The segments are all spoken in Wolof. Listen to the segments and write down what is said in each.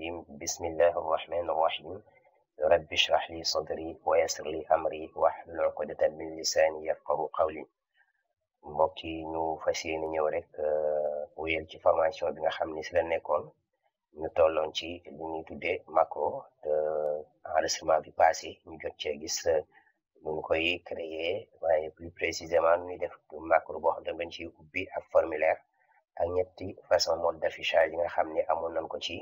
الرجيم بسم الله الرحمن الرحيم رب اشرح لي صدري ويسر لي أمري واحلل عقدة من لساني يفقه قولي mbokk yi ñu fas yéene ñëw rek euh, wéyal ci formation bi nga xam ni si la nekkoon ñu tolloon ci li ñuy tuddee macro te euh, enregistrement bi passé ñu jot cee gis euh, ñu koy créer waaye plus précisément nu ñuy def macro boo xam ne dañ ciy ubbi ak formulaire ak ñetti façon mode d'affichage yi nga xam ne amoon nañ ko ci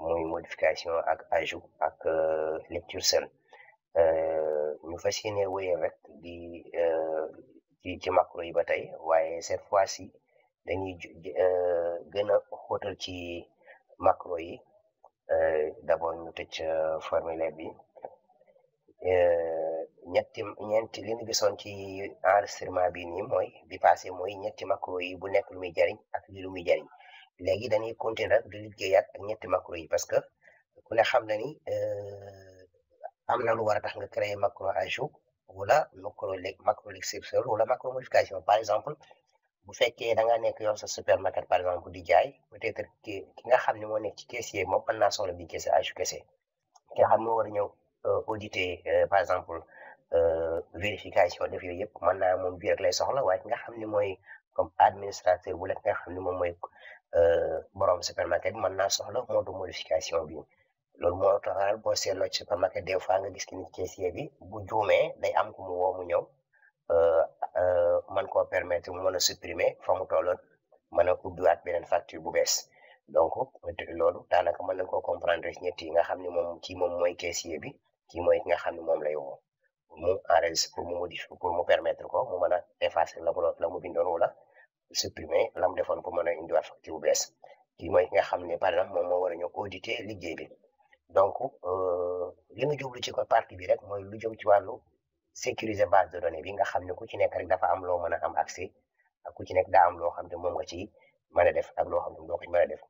muy modification ak ajout ak euh, lecture scène euh, ñu fas yéene wéyal rek di euh, ci ci macro yi ba tey waaye cette fois-ci dañuy gën a xóotal ci macro yi d'abord ñu tëj formulaire bi ñetti ñeenti li ñu gisoon ci enregistrement bi nii mooy bi passé mooy ñetti macro yi bu nekk lu muy jariñ ak li lu léegi dañuy continuer rek di liggéeyaat ak ñetti yi parce que ku ne xam na ni euh, am na lu war a tax nga créer macro ajout wala macro le macro exception wala macro modification par exemple bu fekkee da nga nekk yow sa supermarché par exemple di jaay peut-être ki ki nga xam ne moo nekk ci caissier moom mën naa soxla bi kese ajout kese ki nga xam ne moo war a ñëw euh, auditer euh, par exemple vérification def yooyu yëpp mën naa moom bi rek lay soxla waaye ki nga xam ne mooy comme administrateur wala ki nga xam ne moom mooy Euh, borom supermarché bi mën naa soxla mode modification bi loolu moo taxal boo seetloo ci supermarché des fois nga gis ki ni caissier bi bu juumee day am ku mu woo mu ñëw euh, euh, man koo permetre mu mën a supprimer fa mu tolloon mën a ubbiwaat beneen facture bu bees donc loolu daanaka man nañ koo comprendre ci ñett yi nga xam ne moom kii moom mooy caissier bi kii ki nga xam ne moom lay woo mu enregistré pour mu modifier pour mu permettre ko mu mën a effacer la mu la supprimer la mu defoon pour mën a indiwaat facture bu bees kii mooy ki nga xam ne par exemple moom moo war a ñëw auditer liggéey bi donc euh, li ñu jublu ci ko partie bi rek mooy lu jëm ci wàllu sécuriser base de données bi nga xam ne ku ci nekk rek dafa am loo mën a am accès ak ku ci nekk daa am loo xam ne moom nga ci mën a def ak loo xam ne doo ko mën a def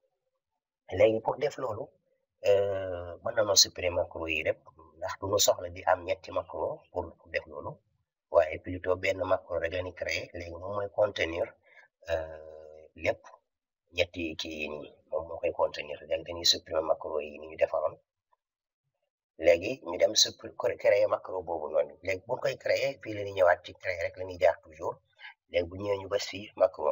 léegi pour def loolu euh, mën na noo supprimer macro yi rek ndax du ñu soxla di am ñetti macro pour def loolu waaye plutôt benn macro rek la ñu créé léegi moom mooy contenir Euh, lépp ñetti kii yi nii moom moo koy contenir léegi dañuy supprimer macro yi ni ñu defaroon léegi ñu dem supprimer créer macro boobu noonu léegi bu koy créer fii la ñuy ñëwaat ci créer rek la ñuy jaar toujours léegi bu ñëwee ñu bës fii macro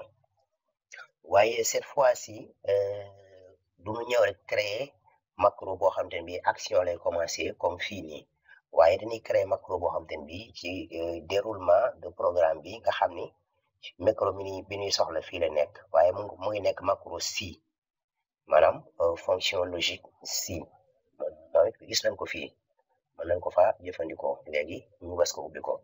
waaye cette fois si euh, du mu ñëw rek créer macro boo xam te ne bii action lay commencer comme fii nii waaye dañuy créer macro boo xam te ne bii ci euh, déroulement de programme bi nga xam ni. macro mini bi ñuy soxla fii la nekk waaye mu mu ngi nekk macro si maanaam euh, fonction logique si mooy gis nañ ko fii mën nañ ko fa jëfandikoo léegi ñu was ko ubbi ko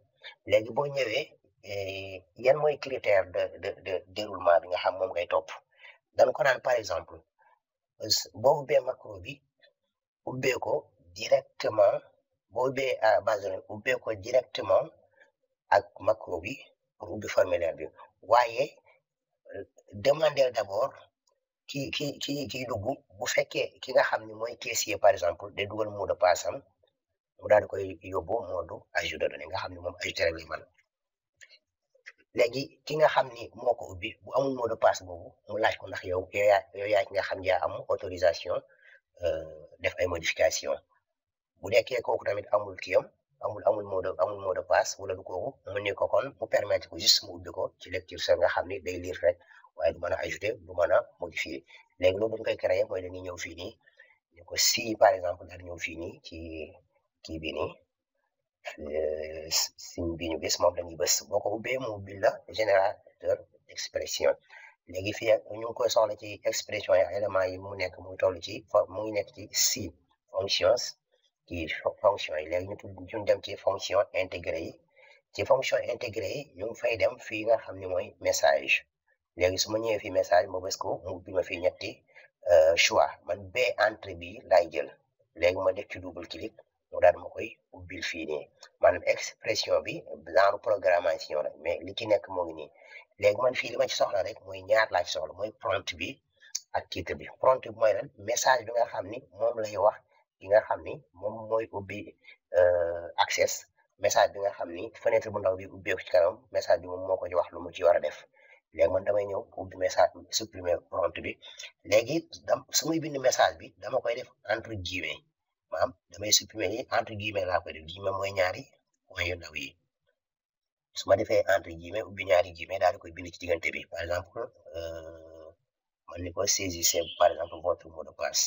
léegi boo ñëwee eh, yan mooy critère de de de déroulement bi nga xam moom ngay topp dañ ko naan par exemple boo ubbee macro bi ubbee ko directement boo ubbee base ubbee ko directement ak macro bi pour ubbi formulaire bi waaye euh, demander d'abord ki ki ki kiy dugg bu fekkee ki nga xam ne mooy caissier par exemple day dugal mot de passe am mu daal di koy yóbbu moo du ajout de données nga xam ne moom ajouté rek lay mën léegi ki nga xam ni moo ko ubbi bu amul mot de passe boobu mu laaj ko ndax yow yow yaa ki nga xam yaa am autorisation euh, def ay modification bu nekkee kooku tamit amul kiyam amul amul mot de amul mot de wala du kooku mu ni ko kon mu permettre ko juste mu ubbi ko ci lecture sa nga xam ni da lire rek waaye du mën a ajouter du mën a modifier léegi loolu dañ koy créer mooy dañuy ñëw fii nii ñu ko si par exemple daal ñëw fii nii ci kii bi nii euh, signe bi ñu gis moom la ñuy bës boo ko ubbee mu ubbil la générateur d'expression léegi fii ñu ngi koy ci expression ya éléments yi mu nekk muy toll ci mu ngi nekk ci si fonctions ci fonction yi léegi ñu tudd ñu dem ci fonction intégré yi ci fonction intégrée yi ñu ngi fay dem fii nga xam ne mooy message léegi su ma ñëwee fii message ma bës ko mu bi ma fii ñetti euh, choix man ba entre bi laay jël léegi ma def ci double clic mu daal ma koy ubbil fii nii maanaam expression bi genre programmation la mais li ci nekk moo ngi nii léegi man fii li ma ci soxla rek mooy ñaar laa ci soxla mooy prompt bi ak titre bi prompt bi mooy lan message bi nga xam ni moom lay wax bi nga xam ni moom mooy ubbi euh, access message bi nga xam ni fenêtre bu ndaw bi ubbeeku ci kanam message bi moom moo ko ci wax lu mu ci war a def léegi man damay ñëw ubbi message bi supprimer prompt bi léegi dam su muy bind message bi dama koy def entre guillemets maanaam damay supprimer yi entre guillemets laa koy def guillemets mooy ñaari point yu ndaw yi su ma defee entre guillemets ubbi ñaari guillemets daal di koy bind ci diggante bi par exemple euh, man ni ko saisissez par exemple votre mot de passe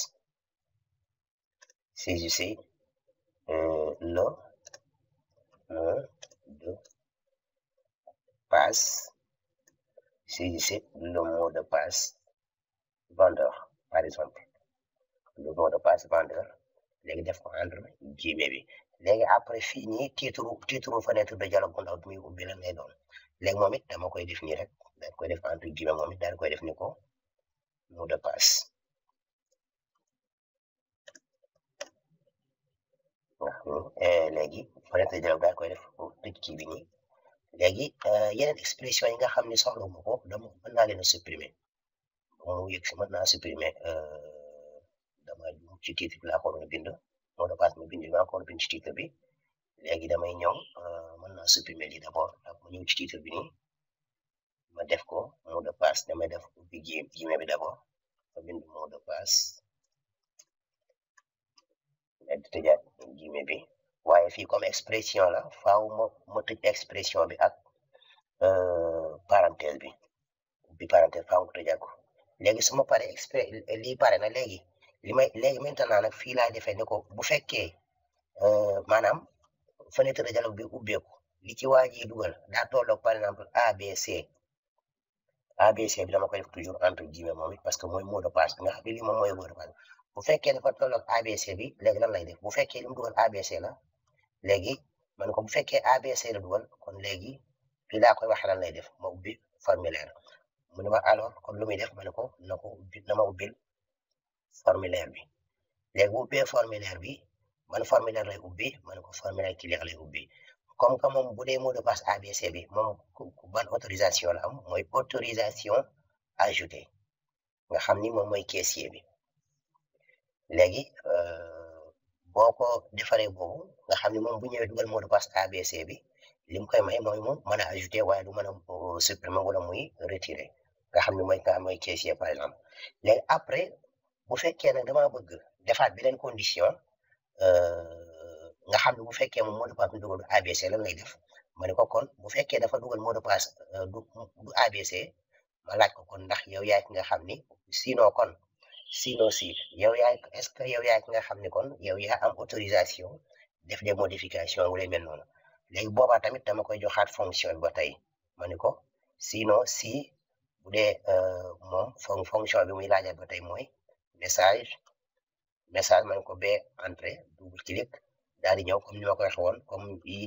saisissez l'un, l'un, deux, passe, saisissez le mot de passe vendeur, par exemple. Le mot de passe vendeur, léegi def ko entre guillemets bi léegi après fii nii titre fa fenêtre de dialogue bu ndaw bi lay doon léegi moom it dama koy def nii rek daal koy def entre guillemets moom it koy def ko mot de passe. Eh, nii léegi Fodé Diallo daa koy def pour tëj kii bi nii léegi yeneen expression yi nga xam ne soxla ko dama mën naa leen a supprimer moom yëg si mën naa supprimer eh, dama juum ci titre bi laa ko doon bind mot de passe ma bind maa ko doon bi léegi damay ñëw eh, mën naa supprimer lii d'abord ak ma ñëw bi nii ma def ko mot de passe damay def ubbi ji bi d'abord ma bind mot de passe. di tëjaat guillemets bi waaye fii comme expression la faaw ma ma tëj expression bi ak euh, parenthèse bi bi parenthèse faaw ma tëjaat ko léegi su ma pare expré lii pare na léegi li may léegi maintenant nag fii laay defee ne ko bu fekkee euh, maanaam fenêtre de dialogue bi ubbeeku li ci waa ji dugal daa tolloog par exemple ABC ABC bi dama koy def a entre guillemets moom it parce que bu fekkee dafa tolloog ABC bi léegi lan lay def bu fekkee li mu dugal la léegi man ko bu fekkee ABC la dugal kon léegi fii laa koy wax lan lay def ma ubbi formulaire mu ne ma alors kon lu muy def ma ne ko na ko ubbi na ma ubbil formulaire bi léegi bu ubbee formulaire bi man formulaire lay ubbi ma ne ko formulaire client lay ubbi comme que moom bu dee mot de passe ABC bi moom ban autorisation la am mooy autorisation ajoutée nga xam ni moom mooy caissier bi. léegi euh, boo ko defaree boobu nga xam ne moom bu ñëwee dugal mot de passe ABC bi li mu koy may mooy mu mën a ajouter waaye du mën a euh, supprimer wala muy retirer nga xam ne mooy ka mooy caissier par exemple léegi après bu fekkee nag damaa bëgg defaat beneen condition euh, nga xam ne bu fekkee moom mot de passe bi a ABC lan lay def ma ne ko kon bu fekkee dafa dugal mot de passe du ABC ma laaj ko kon ndax yow yaay ki nga xam ni sinon kon. sinon si yow yaay est-ce que yow yaay ki nga xam ne kon yow yaa am autorisation def des modifications wala mel noonu léegi boobaa tamit dama koy joxaat fonction bi ba tey ma ni ko sinon si bu dee euh, moom fonction bi muy laajal ba tey mooy message message ma ne ko ba entrée double clic daal di ñëw comme ni ma ko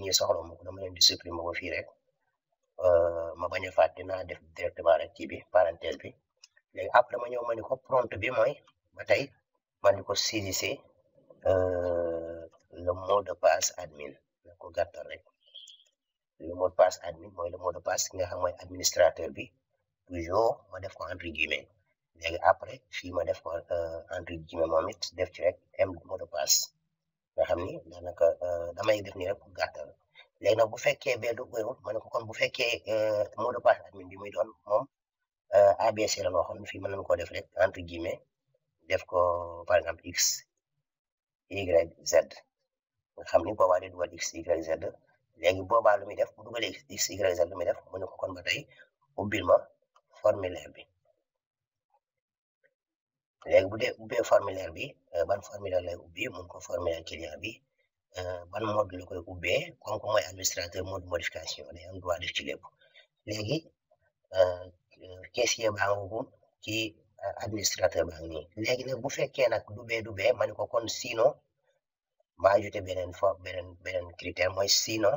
ñu soxla ma ko leen di supprimer ko fii rek euh, ma bañ a fàtte def directement rek bi parenthèse bi. léegi après ma ñëw ma ni ko prompt bi mooy ba tey ma ni ko saisissez euh, le mot de passe admin na ko gàttal rek le mot de passe admin mooy le mot de passe ki nga xam mooy administrateur bi toujours ma def ko entre guillemets léegi après fii ma def ko euh, entre guillemets moom it def ci rek m mot de passe nga xam ni daanaka euh, damay def ni rek pour gàttal léegi nag bu fekkee bee du ma ne ko bu fekkee mot de passe admin bi muy doon moom Euh, ABC la waxoon fi mën nañu koo def rek entre guillemets def ko par exemple x y z nga xam ni boobaa day dugal x y z léegi boobaa lu muy def bu dugalee x y z lu def mu ne ko kon ba tey ubbil ma formulaire bi léegi bu dee ubbee formulaire bi euh, ban formulaire lay ubbi mun ko formulaire client bi euh, ban mode la koy ubbee comme que mooy administrateur mode modification day am droit def ci lépp léegi. caissier baa ngi ko ci euh, administrateur baa ngi nii léegi nag bu fekkee nag du bee du bee ma ne ko kon sinon ma ajouté beneen fo beneen beneen critère mooy sinon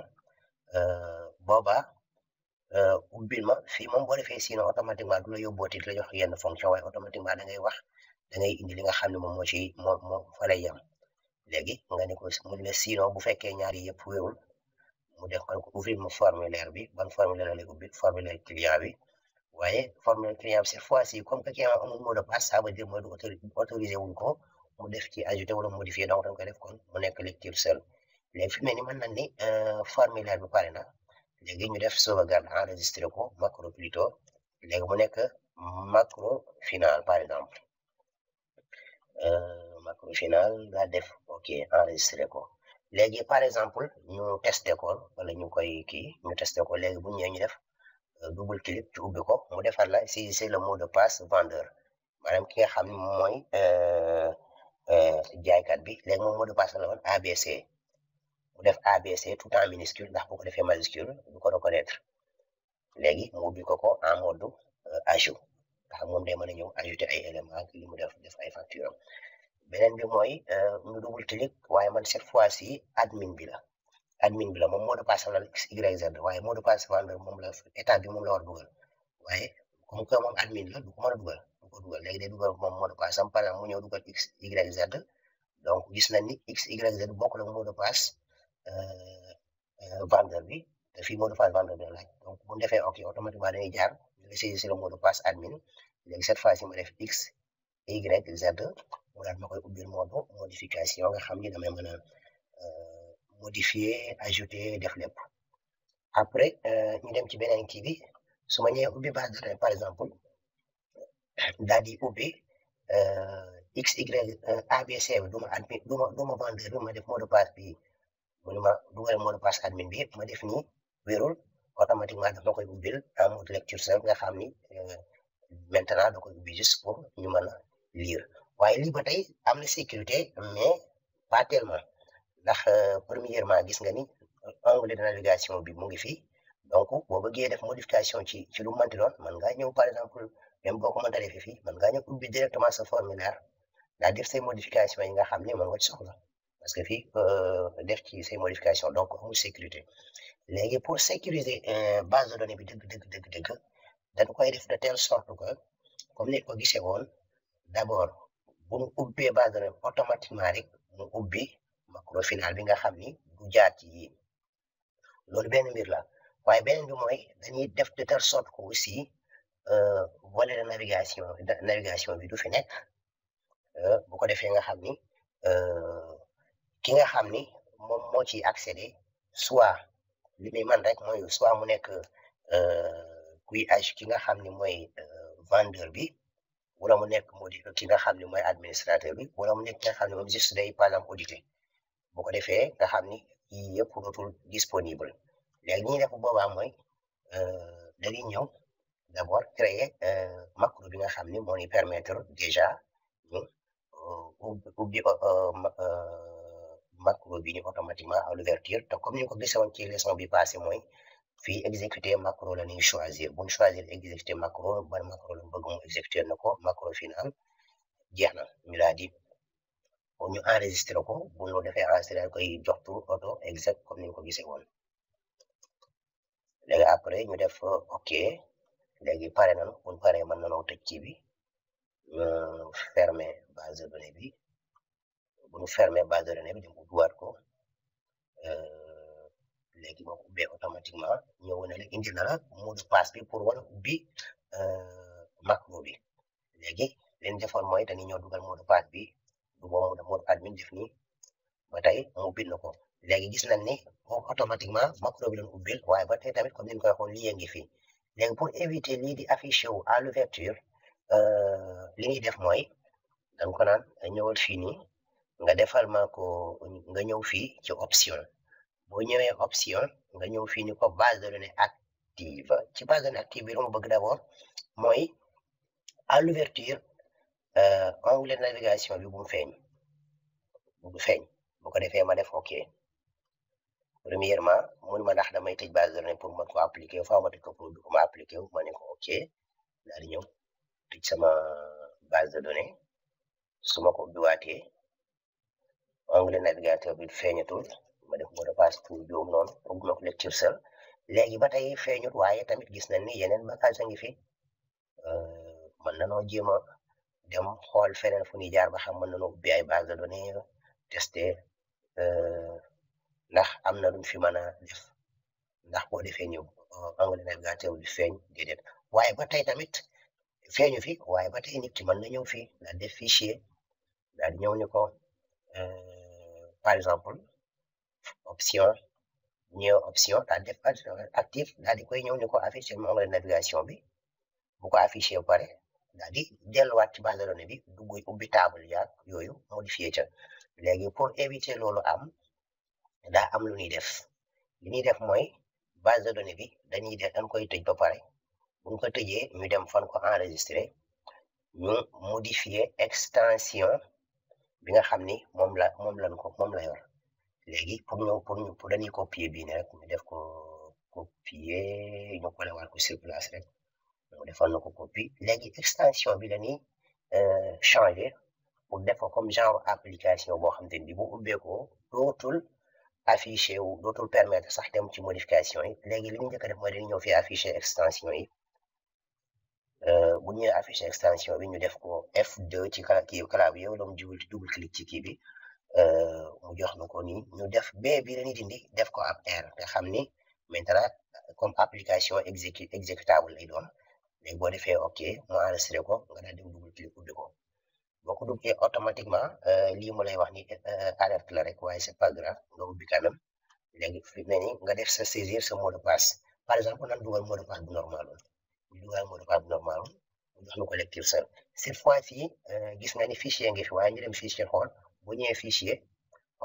euh, booba euh, ubbil ma fii moom boo defee sinon automatiquement du la yóbbooti la jox yenn fonction waaye automatiquement da ngay wax da ngay indi li nga xam ne moom moo ci moo moo fa yem léegi nga ne ko mun la sinon bu fekkee ñaari yëpp wéerul mu def ko ouvrir mu formulaire bi ban formulaire la lay ubbil formulaire bi voyez, forme client cette fois-ci, comme quelqu'un a un mot de passe, ça veut dire que autoriser un compte, mu def ci ajouter wala modifier donc dañ koy def kon mu nekk lecture seule léegi fi mu man nii mën na ni euh, formulaire bi pare na léegi ñu def sauvegarde enregistré ko macro plutôt léegi mu nekk macro final par exemple euh, macro final la def ok enregistré ko léegi par exemple ñu testé wala ñu koy kii ñu testé ko léegi bu ñu ñu def. Euh, double clic ci ubbi ko mu defar la saisissez le mot de passe vendeur maanaam ki nga xam ne mooy euh, euh, jaaykat bi léegi moom mot de passe la woon ABC mu def ABC tout en minuscule ndax bu ko defee majuscule du ko reconnaître léegi mu ubbi ko ko en mode ajout ndax moom day mën a ñëw ajouter ay éléments ak mu def def ay facture am beneen bi mooy ñu double clic waaye man cette fois ci admin bi la. admin bi la moom x y z waaye mot vendeur moom la état bi a dugal waaye comme que moom admin la du ko mën a dugal du ko dugal léegi day dugal moom mot de passe am dugal x y z donc gis nañ ni x y z bokk la mot de vendeur bi te fii mot de passe vendeur bi la laaj donc bu ñu defee ok automatiquement dañuy jaar ñu saisir le mot de passe admin léegi cette fois ci ma def x y z mu daal ma koy ubbil mode modification nga xam modifier ajouter def lépp après euh, ñu dem ci beneen kii bi su ma ñëwee ubbi base de données par exemple daal di ubbi euh, x y euh, abc bi du ma admin du ma du ma vendeur bi ma def mot de passe bi mu ne ma dugal mot de passe bi ma def nii wérul automatiquement dafa koy ubbil en mode lecture simple nga xam ni maintenant da koy ubbi juste ñu mën a lire waaye lii ba sécurité mais pas ndax euh, premièrement gis nga ni onglet euh, de navigation bi mu ngi fii donc boo bëggee def modification ci ci lu manti doon mën ngaa ñëw par exemple même boo ko mënta defee fii mën ngaa ñëw ubbi directement sa formulaire daa def say modification yi nga xam ne mën nga ci soxla parce que fii euh, def ci say modification donc amul sécurité léegi pour sécuriser base de données bi dëgg dëgg dëgg dëgg dañ koy def de telle sorte que comme ni ko gisee woon d' abord bu mu ubbee base de données automatiquement rek mu ubbi ba final bi nga xam ni du jaar ci yii loolu benn mbir la waaye beneen bi mooy dañuy def de telle sorte que aussi euh, volet de navigation navigation bi du fi nekk euh, bu ko defee nga xam ni euh, ki nga xam ni moom moo ci accéder soit li muy man rek mooy soit mu nekk kuy age ki nga xam ni mooy vendeur bi a mu nekk moo di ki nga xam ni mooy administrateur bi wala mu nekk ki nga xam ni moom juste day par exemple audité bu ko defee nga xam ni yii yëpp dootul disponible léegi ñuy def bu boobaa mooy euh, dañuy ñëw d' abord créer euh, macro bi nga xam ni moo ñu permettre déjà ñu euh, ubbi macro bi ñu automatiquement à l'ouverture te comme ñu ko gisoon ci leçon bi passé mooy fii exécuter macro la ñuy choisir bon ñu choisir exécuter macro ban macro la bëgg mu exécuter na ko macro final jeex na moo ñu enregistré ko bu ñu defee enregistré koy jox tur oto exact comme ni ñu ko gisee woon léegi après ñu def ok léegi pare nañu bu ñu paree mën nañoo tëj kii bi ñu fermer base de bi bu ñu fermer base de données bi ñu ubbiwaat ko euh, léegi moom ubbee automatiquement ñëw na la indi na la mot de passe bi pour wala ubbi euh, macro bi léegi leen defoon mooy dañuy ñëw dugal mot de passe bi. du moom la Mourad mi def nii ba tey mu bind ko léegi gis nañ ne moom automatiquement macro bi lañ ubbil waaye ba tey tamit comme ni ñu ko waxoon lii yëngi fii léegi pour éviter lii di affiché wu à l'ouverture euh, li ñuy def mooy dañ ko naan ñëwal fii nii nga defal ma ko nga ñëw fii ci option boo ñëwee option nga ñëw fii ni ko base de données active ci base de données active bi lu ma bëgg d'abord mooy à onglet euh, navigation bi bu mu feeñ bu feeñ bu ko defee ma def ok premièrement mun ma ndax damay tëj base de données pour mën ko appliquer faaw ma tëj ko pour ma appliquer wu ma ne ko ok daal di ñëw tëj sama base de données su ma ko ubbiwaatee onglet navigateur bi feeñatul ma def ko repasse tout juum noonu ubbi ma lecture seul léegi ba tey feeñut waaye tamit gis nañ ni yeneen bagages a ngi fi euh, mën na noo jéem a dem xool feneen fu ñuy jaar ba xam mën nañu ubbi ay base de données testé euh, ndax am na luñ fi mën a def ndax boo defee ñëw euh, anglais navigateur bi feeñ déedéet waaye ba tey tamit feeñu fi waaye ba tey nit ki mën na ñëw fii daal def fichier daal di ñëw ni ko euh, par exemple option ñëw option daal def actif daal di koy ñëw ni ko affiché ma anglais navigation bi bu ko pare daal di delluwaat ci base de données bi dugg ubbi table yaag yooyu modifié ca léegi pour éviter loolu am daa am lu ñuy def li ñuy def mooy base de données bi dañuy def dañ koy tëj ba pare bu ko tëjee ñu dem fan ko enregistré ñu modifier extension bi nga xam ni moom la moom lañ ko moom la yor léegi pour ñu pour ñu pour dañuy copier bii ne rek ñu def ko copier ñu ko lewaat ko sur place rek mu defal la ko copie léegi extension bi la ñuy euh, changer pour def ko comme genre application boo xam te ni bu ubbeekoo dootul affiché wu dootul permettre sax dem ci modification yi léegi li ñu njëkk a def mooy dañu ñëw fi affiché extension yi euh, bu ñu affiché extension bi ñu def ko F2 ci kala kii clavier wala mu jublu double clic ci kii bi euh, mu jox na ko nii ñu def B bi dindi def ko ab R te xam ni maintenant comme application exécu exécutable lay doon. léegi boo defee ok mu enregistré ko nga daal di double clic ubbi ko boo ko duggee automatiquement euh, lii mu lay wax ni euh, alerte la rek waaye c'est pas grave nga ubbi quand même léegi nga def sa saisir sa mot de passe par exemple nan dugal mot de passe bu normal ñu dugal mot a passe bu normal ñu jox ñu ko lecture seul cette fois ci euh, gis nga ni fichier ngi fi waaye ñu dem fichier xool bu ñëwee fichier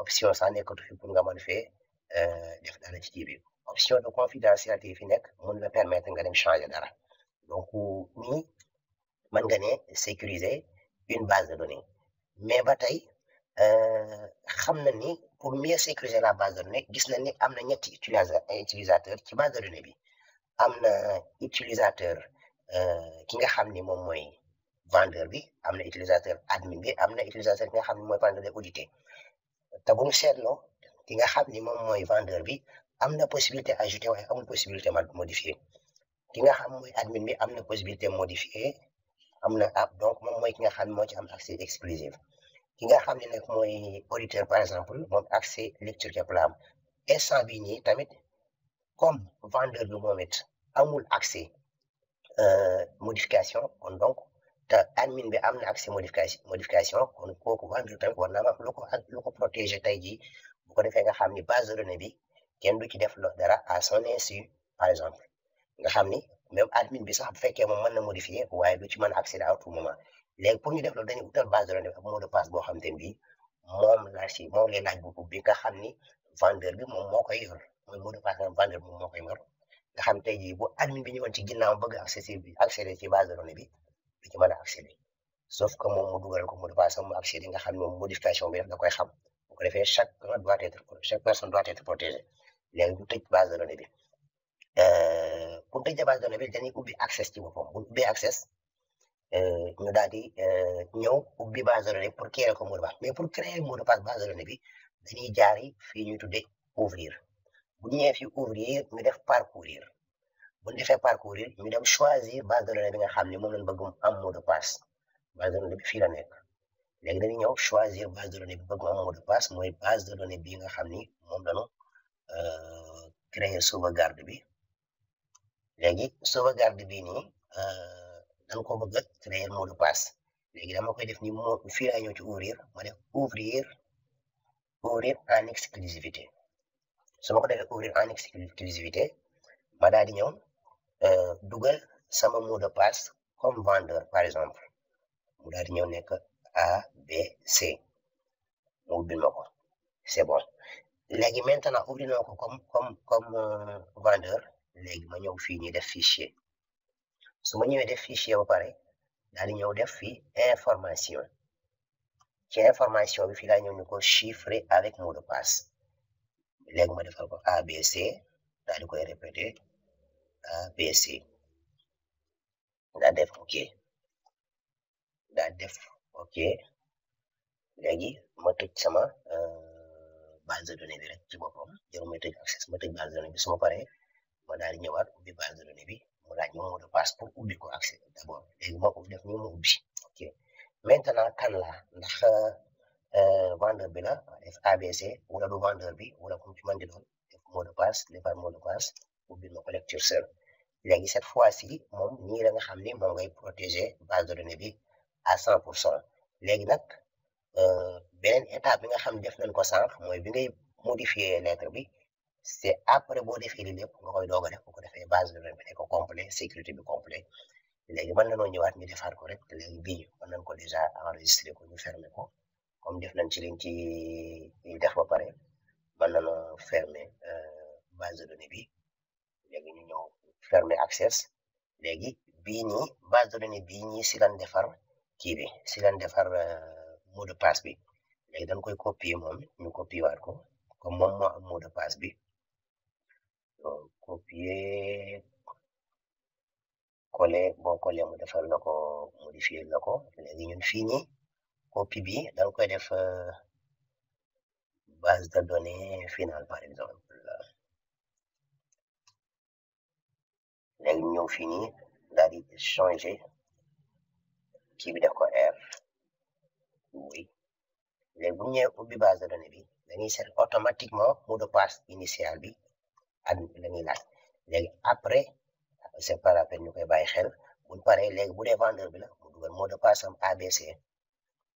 option sax nekkatu fi pour nga mën fee def dara ci kii bi option de confidentialité fi nekk mun la permettre nga dem changer dara. donc nii mën nga ne sécuriser une base de données mais ba tey euh, xam na ni pour mieux sécuriser la base de données gis na ni am na ñetti utilisateur ci base de données bi am na utilisateur euh, ki nga xam ni moom mooy vendeur bi am na utilisateur admin bi am na utilisateur ki nga xam ni mooy par te bu mu seetloo ki nga xam ni moom mooy vendeur bi am na possibilité ajouter waaye amul possibilité modifier ki nga xam mooy admin bi am na possibilité modifier am na app donc moom mooy ki nga xam moo ci am accès exclusive ki nga xam ne nag mooy auditeur par exemple moom accès lecture képp la am instant bi nii tamit comme vendeur bi moom it amul accès euh, modification kon donc te admin bi am na accès modification modification kon kooku vendeur tamit war naa am lu ko ak lu ko protégé tey jii bu ko defee nga xam ni base de bi kenn du ci def dara à son si par exemple. nga xam ni même admin bi sax bu fekkee moom mën na modifier waaye du ci mën accéder à tout moment léegi pour ñu def loolu dañuy utal base de passe boo xam te bi moom la ci laaj bu bi nga xam ni vendeur bi moom moo koy yor mooy mot de passe nga vendeur bi moom moo koy yor xam te jii bu admin bi ñëwoon ci ginnaaw bëgg accéder bi accéder ci base de données bi du ci mën a accéder mu dugal ko mot passe mu nga xam ne modification bi def koy bi Eh, pour tëj base de données bi dañuy ubbi access ci boppam bu ubbee access eh, ñu daal di eh, ñëw ubbi base de données pour créer ko mot de passe mais pour créer mot de passe base de bi dañuy jaari fii ñuy tuddee ouvrir bu ñu ñëwee fii ouvrir ñu def parcourir bu ñu defee parcourir ñu dem choisir base de bi nga xam ne moom lañ bëgg mu am mot de passe base de bi fii la nekk léegi dañuy ñëw choisir base de données bi bëgg mu am mot de mooy base de nga xam ni moom lañu créer sauvegarde bi. léegi sauvegarde bii nii euh, dañ ko bëgg a créer mot de passe léegi dama koy def ni mo fii laa ñëw ci ma def ouvrir ouvrir en exclusivité su ma ko defee ouvrir en exclusivité ma daal di ñëw euh, dugal sama mot de passe comme vendeur par exemple mu daal di ñëw nekk A B C mu ubbil ko c'est bon léegi maintenant ubbil ma ko comme comme comme euh, vendeur. léegi ma ñëw fii nii def fichier su ma ñëwee def fichier ba pare daal di ñëw def fii information ci information bi fii laa ñëw ñu ko chiffré avec mot de passe léegi ma defal ko ABC daal di koy répété ABC daal def ok daal def ok léegi ma tëj sama euh, base de données bi rek ci boppam jërë ma tëj access ma tëj base de données bi su pare ma daal di ñëwaat ubbi base de bi mu laaj ma mot de passe pour ubbi ko accès d'abord léegi ma ko def nii ma ubbi ok maintenant kan la ndax euh, vendeur bi la def ABC wala du vendeur bi wala comme ci man di doon def mot de passe defar mot ma ko lecture seul léegi cette fois si moom ñii la nga xam ni moom ngay protéger base de données bi à cent pour cent léegi nag euh, beneen étape bi nga xam ne def nañ ko sànq mooy bi ngay modifier lettre bi. c'est après boo defee li lépp nga koy doog def bu ko defee base de données bi ne ko complet sécurité bi complet léegi mën nañoo ñëwaat ñu defaat ko rek léegi bii mën nañ ko déjà enregistré ko ñu fermé ko comme def nañ ci liñ ci def ba pare mën nañoo fermé euh, base de données bi léegi ñu ñëw fermé access léegi bii nii base de données bii nii si lan defar kii bi si lan defar euh, mot de passe bi léegi dan koy copier moom ñu copier waat ko comme moom moo am mot passe bi yépp kole boo kole mu defal la ko modifier la ko ñun fii nii copie bi da koy def euh, base de données finale par exemple léegi ñëw fii nii daal di changer bi def ko R oui léegi bu base de données bi dañuy seet automatiquement mot de passe initial bi ak la ñuy laaj léegi après c' est par rappel ñu koy bàyyi xel bu ñu paree léegi bu dee vendeur bi la mu dugal mot de passe am ABC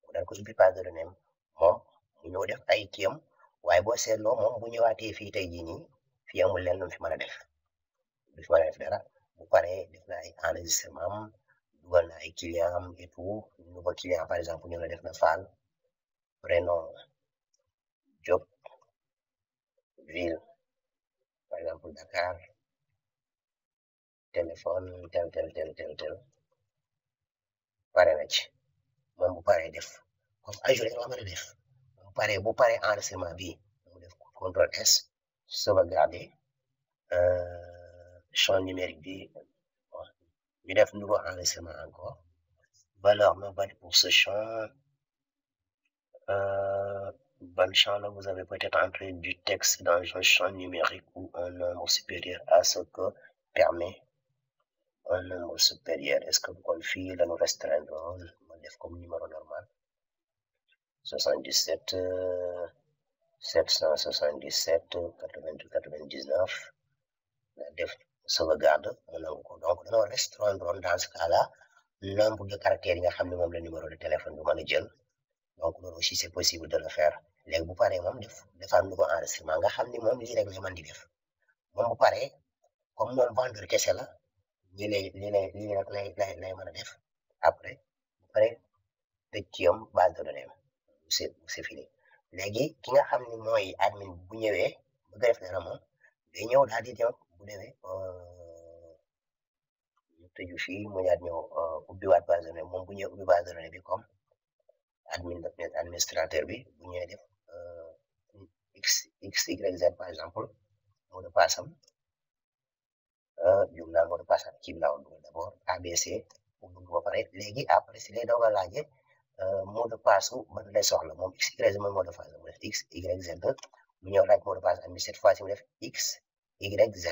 mu dal ko ci biir page de données moom mu ñëw def ay kiyam waaye boo seetloo moom bu ñëwaatee fii tey jii nii fii amul leen lu mën a def du fi mën a def dara bu paree def na ay enregistrement am dugal na ay client am et tout nouveau par exemple ñu la def na Fall prénom Diop ville par exemple Dakar. téléphone tel tel tel tel tel pare na ci moom bu paree def comme ajuré nga mën def bu paree bu paree enregistrement bi mu def contrôle S sauvegarder champ euh, numérique bi ñu def nouveau enregistrement encore valeur globale pour ce champ euh, ban champ là vous avez peut-être entré du texte dans un champ numérique ou un nombre supérieur à ce que permet Ăl superiores, când gol fi el în un restaurant, mă def cum numărul normal. 77, 777, 499, la def sauvegarde, mă am cu donc, dans un restaurant, dans ce cas-là, nombre de caractères, nga xam ne moom la numéro de téléphone du mën a jël. Donc loolu aussi c'est possible de le faire. léegi bu paree moom def defaan lu ko enregistrement nga xam ne moom lii rek la mën di def moom bu paree comme moom la lii lay lii lay lii nag lay lay lay mën a def après bu pare tëj ci yom base de léegi ki nga xam ne mooy admin bu ñëwee bëgg a def dara moom day ñëw daal di ñëw bu demee euh, ñu tëju fii mu ñaat ñëw euh, ubbiwaat base moom bu ñëwee bi comme admin administrateur bi bu ñëwee def euh, x x y z par exemple mot de passe jumla goto pasal kimlawo ɗum d' abord abc mu dugg ba pare léegi après si lay a laaje mot de passe ban lay soxla moom x y z mooy mot de passe mu def x y z mu ñëw mu def x y z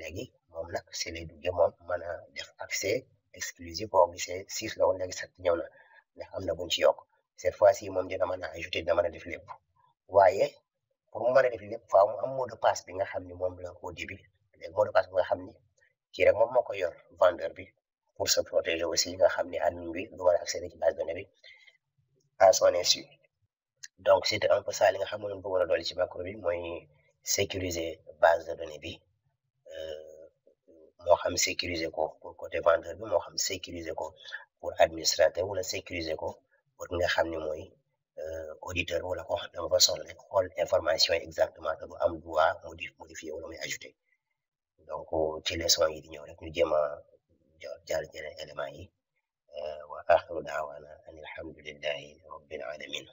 léegi moom nag si lay duggee moom mën ah, a def accès exclusif boo gisee la woon léegi sept ñëw na ah. ndax am na buñ ci yokk cette fois ci moom dina mën a ajouté dina mën a def lépp waaye pour mu mën def lépp faaw mu am mot de passe bi nga xam ne moom la léegi mot de passe bi nga xam ni kii rek moom moo ko yor vendeur bi pour se protéger aussi nga xam ni admin bi du mën a accéder ci base de données bi à son insu donc c'était un li nga xam ne bëggoon a dolli ci macro bi mooy sécuriser base de données bi euh, moo xam sécuriser ko pour côté vendeur bi moo xam sécuriser ko pour administrateur wala sécuriser ko pour nga xam ni mooy euh, auditeur wala ko xam ne dafa soxla xool information exactement am droit modifier wala muy ajouter. donc ci leçon yi di ñëw rek ñu jéem a jaar jële wa axiru daawaana an alhamdulillahi rabbil alamin